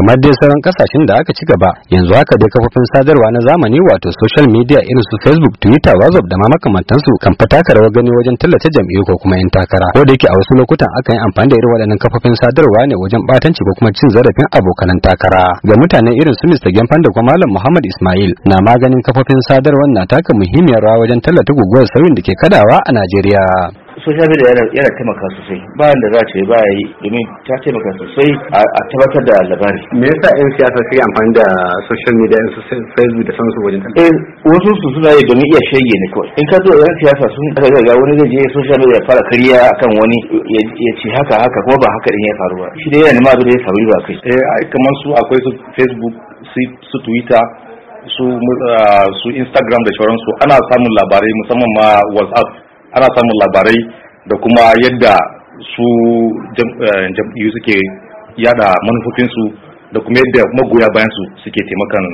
kamar dai sauran kasashen da aka ci gaba yanzu haka dai kafofin sadarwa na zamani wato social media irin su facebook twitter whatsapp da ma makamantansu kan fata rawa gani wajen tallata jam'iyyu ko kuma yan takara ko da yake a wasu lokutan aka yi amfani da irin waɗannan kafofin sadarwa ne wajen batanci ko kuma cin zarafin abokanan takara ga mutane irin su Mr. Gemfan da kuma Malam Muhammad Ismail na maganin kafofin sadarwa na taka muhimmiyar rawa wajen tallata guguwar sauyin da ke kadawa a Najeriya social media yana taimaka sosai bayan da za ce ba yi domin ta taimaka sosai a tabbatar da labari me yasa yan siyasa suke amfani da social media in su facebook da sansu wajen eh wasu su suna yi domin iya shege ne kawai in ka zo yan siyasa sun ga wani zai je social media ya fara kariya akan wani ya ce haka haka kuma ba haka din ya faru ba shi dai yana nema abin da ya faru ba kai eh kamar su akwai su facebook su twitter su ah, su instagram da sauransu ana samun labarai musamman ma whatsapp ana samun labarai da kuma yadda su jam'iyyu eh, suke yada manufofinsu da kuma yadda magoya bayan su suke taimakon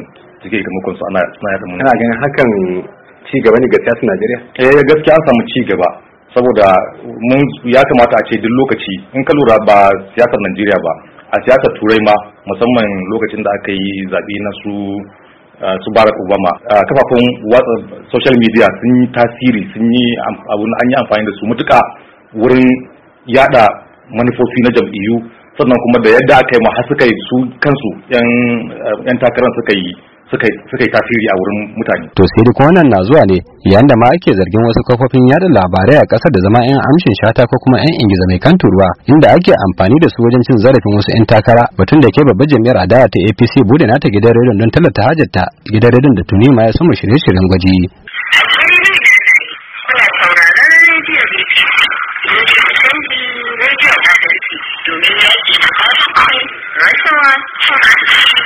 suke taimakon su ana suna yada manufofi. Ana ganin hakan ci gaba ne ga siyasa Najeriya? Eh gaskiya an samu ci gaba saboda mun ya kamata a ce duk lokaci in ka lura ba siyasar Najeriya ba a siyasar Turai ma musamman lokacin da aka yi zaɓe na su Eh, su barack obama eh, kafafen watsa social media sun yi tasiri sun yi abun an yi amfani da su matuka wurin yada manufofi na jam'iyyu sannan kuma da yadda aka yi ma har su kansu eh, yan takarar suka yi suka yi tasiri a wurin mutane. To sai kuma nan na zuwa ne yayin da ma ake zargin wasu kafofin yada labarai a ƙasar da zama 'yan amshin shata ko kuma 'yan ingiza mai kan turuwa inda ake amfani da su wajen cin zarafin wasu 'yan takara batun da ke babbar jami'ar adawa ta APC bude nata gidan rediyon don tallata hajarta gidan rediyon da tuni ma ya sama shirye-shiryen gwaji. domin rashawa cin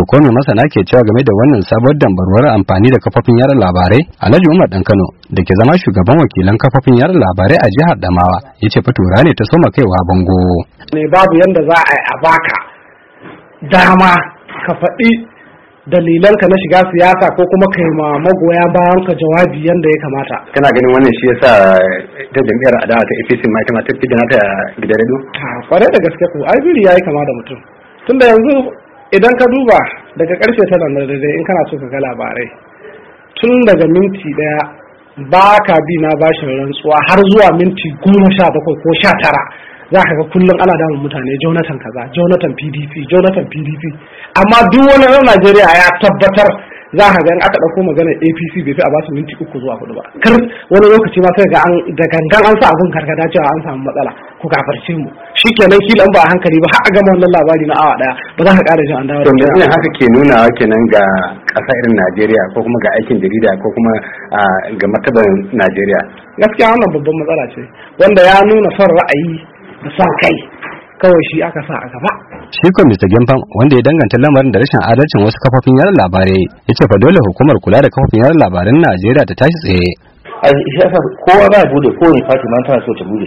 To ko me masana ke cewa game da wannan sabuwar dambarwar amfani da kafofin yara labarai? Alhaji Umar Dan Kano da ke zama shugaban wakilan kafofin yara labarai a jihar Damawa ya ce fatura ne ta soma kaiwa bango. Ne babu yanda za a yi a baka dama ka faɗi dalilanka na shiga siyasa ko kuma ka yi magoya bayan ka jawabi yanda ya kamata. Kana ganin wannan shi yasa ta jami'ar adawa ta APC ma ta tafi da ta gidan radio? Kwarai da gaske ko ai biri yayi kama da mutum. Tunda yanzu idan ka duba daga karfe tana na daidai in kana so ka ga labarai tun daga minti daya ba ka bi na bashin rantsuwa har zuwa minti goma sha bakwai ko sha tara za ka ga kullum ana damun mutane jonathan kaza jonathan pdp jonathan pdp amma duk wani na najeriya ya tabbatar za a ga aka ɗauko maganar apc bai fi a basu minti uku zuwa hudu ba kar wani lokaci ma sai ga da gangan an sa abun karkata cewa an samu matsala ku gafarce mu Shi kenan kila ba a hankali ba har a gama wannan labari na awa ɗaya. ba za ka ƙara jin an dawo da ne haka ke nuna kenan ga ƙasa irin najeriya ko kuma ga aikin jarida ko kuma ga martaban najeriya gaskiya wannan babban matsala ce wanda ya nuna son ra'ayi da son kai kawai shi aka sa a gaba. Shi ko Mr. Gemfan wanda ya danganta lamarin da rashin adalcin wasu kafofin yara labarai ya ce fa dole hukumar kula da kafofin yara labarin Najeriya ta tashi tsaye. A shi yasa kowa ba bude fati tana so ta bude.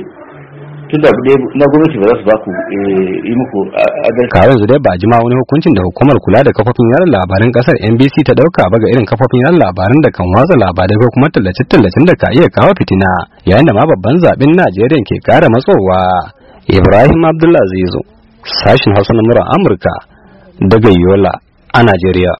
Tunda na gwamnati ba za su ba ku eh, yi muku adalci. Kawai yanzu dai ba jima wani hukuncin da hukumar kula da kafofin yaran labarin kasar NBC ta dauka ba ga irin kafofin yara labarin da kan watsa labarai ko kuma tallace-tallacen da ka iya kawo fitina yayin da ma babban zaɓen Najeriya ke kara matsowa. Ibrahim Abdulaziz sashin Hausa na Amurka daga Yola a Najeriya